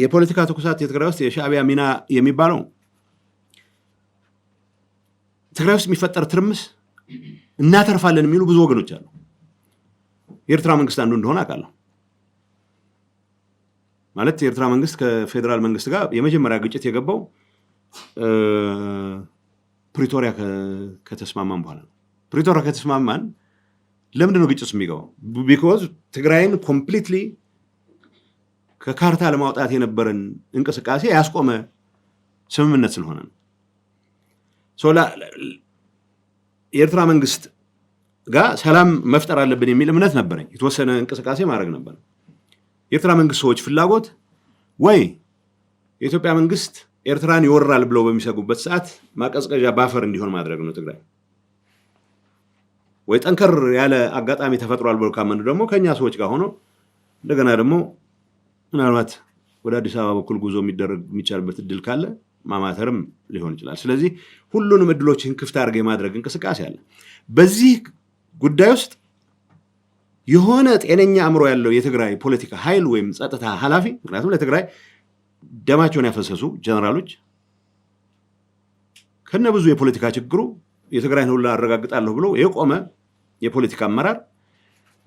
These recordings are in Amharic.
የፖለቲካ ትኩሳት የትግራይ ውስጥ የሻዕቢያ ሚና የሚባለው ትግራይ ውስጥ የሚፈጠር ትርምስ እናተርፋለን የሚሉ ብዙ ወገኖች አሉ። የኤርትራ መንግስት አንዱ እንደሆነ አውቃለሁ። ማለት የኤርትራ መንግስት ከፌዴራል መንግስት ጋር የመጀመሪያ ግጭት የገባው ፕሪቶሪያ ከተስማማን በኋላ ነው። ፕሪቶሪያ ከተስማማን ለምንድነው ነው ግጭት የሚገባው? ቢኮዝ ትግራይን ኮምፕሊትሊ ከካርታ ለማውጣት የነበረን እንቅስቃሴ ያስቆመ ስምምነት ስለሆነ ነው። የኤርትራ መንግስት ጋር ሰላም መፍጠር አለብን የሚል እምነት ነበረኝ። የተወሰነ እንቅስቃሴ ማድረግ ነበር። የኤርትራ መንግስት ሰዎች ፍላጎት ወይ የኢትዮጵያ መንግስት ኤርትራን ይወራል ብለው በሚሰጉበት ሰዓት ማቀዝቀዣ ባፈር እንዲሆን ማድረግ ነው ትግራይ ወይ ጠንከር ያለ አጋጣሚ ተፈጥሯል ብሎ ካመኑ ደግሞ ከእኛ ሰዎች ጋር ሆኖ እንደገና ደግሞ ምናልባት ወደ አዲስ አበባ በኩል ጉዞ የሚደረግ የሚቻልበት እድል ካለ ማማተርም ሊሆን ይችላል። ስለዚህ ሁሉንም እድሎችን ክፍት አድርገ የማድረግ እንቅስቃሴ አለ። በዚህ ጉዳይ ውስጥ የሆነ ጤነኛ አእምሮ ያለው የትግራይ ፖለቲካ ኃይል ወይም ጸጥታ ኃላፊ ምክንያቱም ለትግራይ ደማቸውን ያፈሰሱ ጀነራሎች ከነ ብዙ የፖለቲካ ችግሩ የትግራይን ሁላ አረጋግጣለሁ ብሎ የቆመ የፖለቲካ አመራር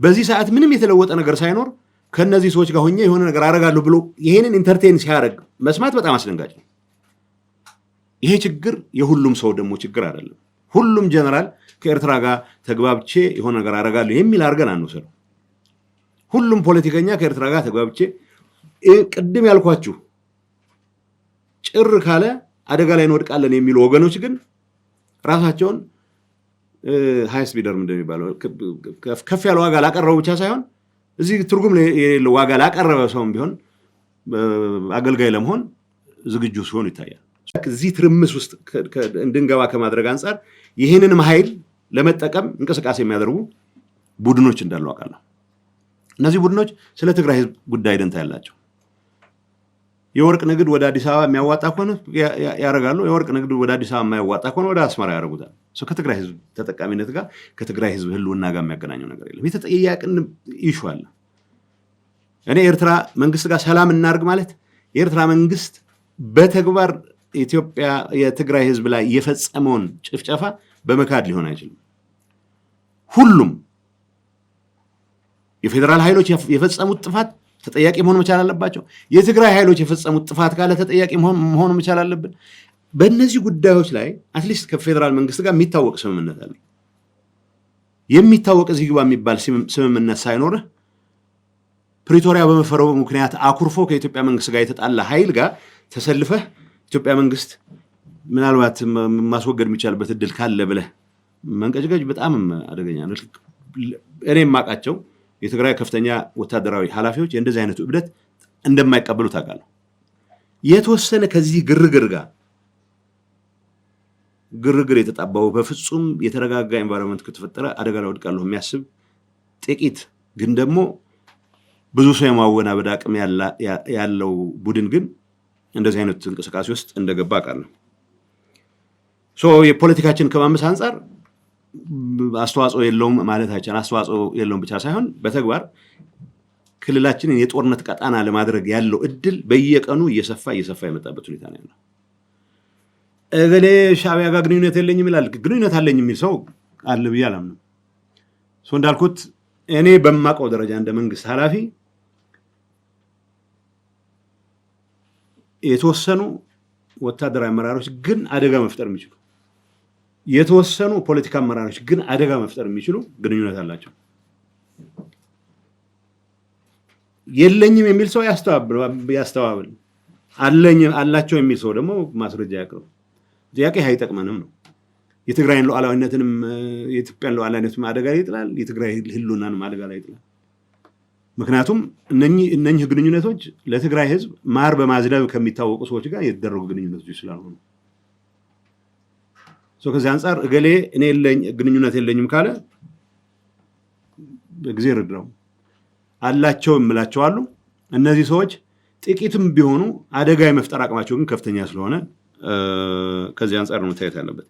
በዚህ ሰዓት ምንም የተለወጠ ነገር ሳይኖር ከነዚህ ሰዎች ጋር ሆኜ የሆነ ነገር አደርጋለሁ ብሎ ይሄንን ኢንተርቴን ሲያደርግ መስማት በጣም አስደንጋጭ ነው። ይሄ ችግር የሁሉም ሰው ደግሞ ችግር አይደለም። ሁሉም ጀነራል ከኤርትራ ጋር ተግባብቼ የሆነ ነገር አደርጋለሁ የሚል አድርገን አንውሰደው። ሁሉም ፖለቲከኛ ከኤርትራ ጋር ተግባብቼ ቅድም ያልኳችሁ ጭር ካለ አደጋ ላይ እንወድቃለን የሚሉ ወገኖች ግን ራሳቸውን ሀይስ ቢደርም እንደሚባለው ከፍ ያለ ዋጋ ላቀረቡ ብቻ ሳይሆን እዚህ ትርጉም የሌለው ዋጋ ላቀረበ ሰውም ቢሆን አገልጋይ ለመሆን ዝግጁ ሲሆን ይታያል። እዚህ ትርምስ ውስጥ እንድንገባ ከማድረግ አንጻር ይህንንም ኃይል ለመጠቀም እንቅስቃሴ የሚያደርጉ ቡድኖች እንዳሉ አውቃለሁ። እነዚህ ቡድኖች ስለ ትግራይ ህዝብ ጉዳይ ደንታ ያላቸው የወርቅ ንግድ ወደ አዲስ አበባ የሚያዋጣ ከሆነ ያደርጋሉ። የወርቅ ንግድ ወደ አዲስ አበባ የማያዋጣ ከሆነ ወደ አስመራ ያደርጉታል። ከትግራይ ህዝብ ተጠቃሚነት ጋር ከትግራይ ህዝብ ህልውና ጋር የሚያገናኘው ነገር የለም። የተጠያቅን ይሹ አለ። እኔ ኤርትራ መንግስት ጋር ሰላም እናርግ ማለት የኤርትራ መንግስት በተግባር ኢትዮጵያ የትግራይ ህዝብ ላይ የፈጸመውን ጭፍጨፋ በመካድ ሊሆን አይችልም። ሁሉም የፌዴራል ኃይሎች የፈጸሙት ጥፋት ተጠያቂ መሆን መቻል አለባቸው። የትግራይ ኃይሎች የፈጸሙት ጥፋት ካለ ተጠያቂ መሆን መቻል አለብን። በእነዚህ ጉዳዮች ላይ አትሊስት ከፌዴራል መንግስት ጋር የሚታወቅ ስምምነት አለ። የሚታወቅ እዚህ ግባ የሚባል ስምምነት ሳይኖርህ ፕሪቶሪያ በመፈረቡ ምክንያት አኩርፎ ከኢትዮጵያ መንግስት ጋር የተጣላ ኃይል ጋር ተሰልፈህ ኢትዮጵያ መንግስት ምናልባት ማስወገድ የሚቻልበት እድል ካለ ብለህ መንቀጭቀጭ በጣም አደገኛ ነው። እኔ የማውቃቸው የትግራይ ከፍተኛ ወታደራዊ ኃላፊዎች የእንደዚህ አይነቱ እብደት እንደማይቀበሉ ታውቃለህ። የተወሰነ ከዚህ ግርግር ጋር ግርግር የተጣባው በፍጹም የተረጋጋ ኤንቫይሮንመንት ከተፈጠረ አደጋ ላይ ወድቃለሁ የሚያስብ ጥቂት ግን ደግሞ ብዙ ሰው የማወናበድ አቅም ያለው ቡድን ግን እንደዚህ አይነት እንቅስቃሴ ውስጥ እንደገባ አውቃለሁ። ሶ የፖለቲካችን ከማመስ አንጻር አስተዋጽኦ የለውም ማለታችን አስተዋጽኦ የለውም ብቻ ሳይሆን በተግባር ክልላችንን የጦርነት ቀጣና ለማድረግ ያለው እድል በየቀኑ እየሰፋ እየሰፋ የመጣበት ሁኔታ ነው ያለው። እገሌ ሻቢያ ጋር ግንኙነት የለኝም ይላል። ግንኙነት አለኝ የሚል ሰው አለ ብዬ አላምንም። ሰው እንዳልኩት እኔ በማውቀው ደረጃ እንደ መንግስት ኃላፊ የተወሰኑ ወታደራዊ አመራሮች ግን አደጋ መፍጠር የሚችሉ የተወሰኑ ፖለቲካ አመራሮች ግን አደጋ መፍጠር የሚችሉ ግንኙነት አላቸው። የለኝም የሚል ሰው ያስተባብል አለኝ አላቸው የሚል ሰው ደግሞ ማስረጃ ያቅርብ። ጥያቄ አይጠቅመንም ነው። የትግራይን ሉዓላዊነትንም የኢትዮጵያን ሉዓላዊነትም አደጋ ላይ ይጥላል፣ የትግራይ ህልውናንም አደጋ ላይ ይጥላል። ምክንያቱም እነኚህ ግንኙነቶች ለትግራይ ህዝብ ማር በማዝነብ ከሚታወቁ ሰዎች ጋር የተደረጉ ግንኙነቶች ስላልሆኑ ከዚህ አንጻር እገሌ እኔ ግንኙነት የለኝም ካለ በጊዜ ርድረው አላቸው የምላቸዋሉ። እነዚህ ሰዎች ጥቂትም ቢሆኑ አደጋ የመፍጠር አቅማቸው ግን ከፍተኛ ስለሆነ ከዚህ አንጻር ነው መታየት ያለበት።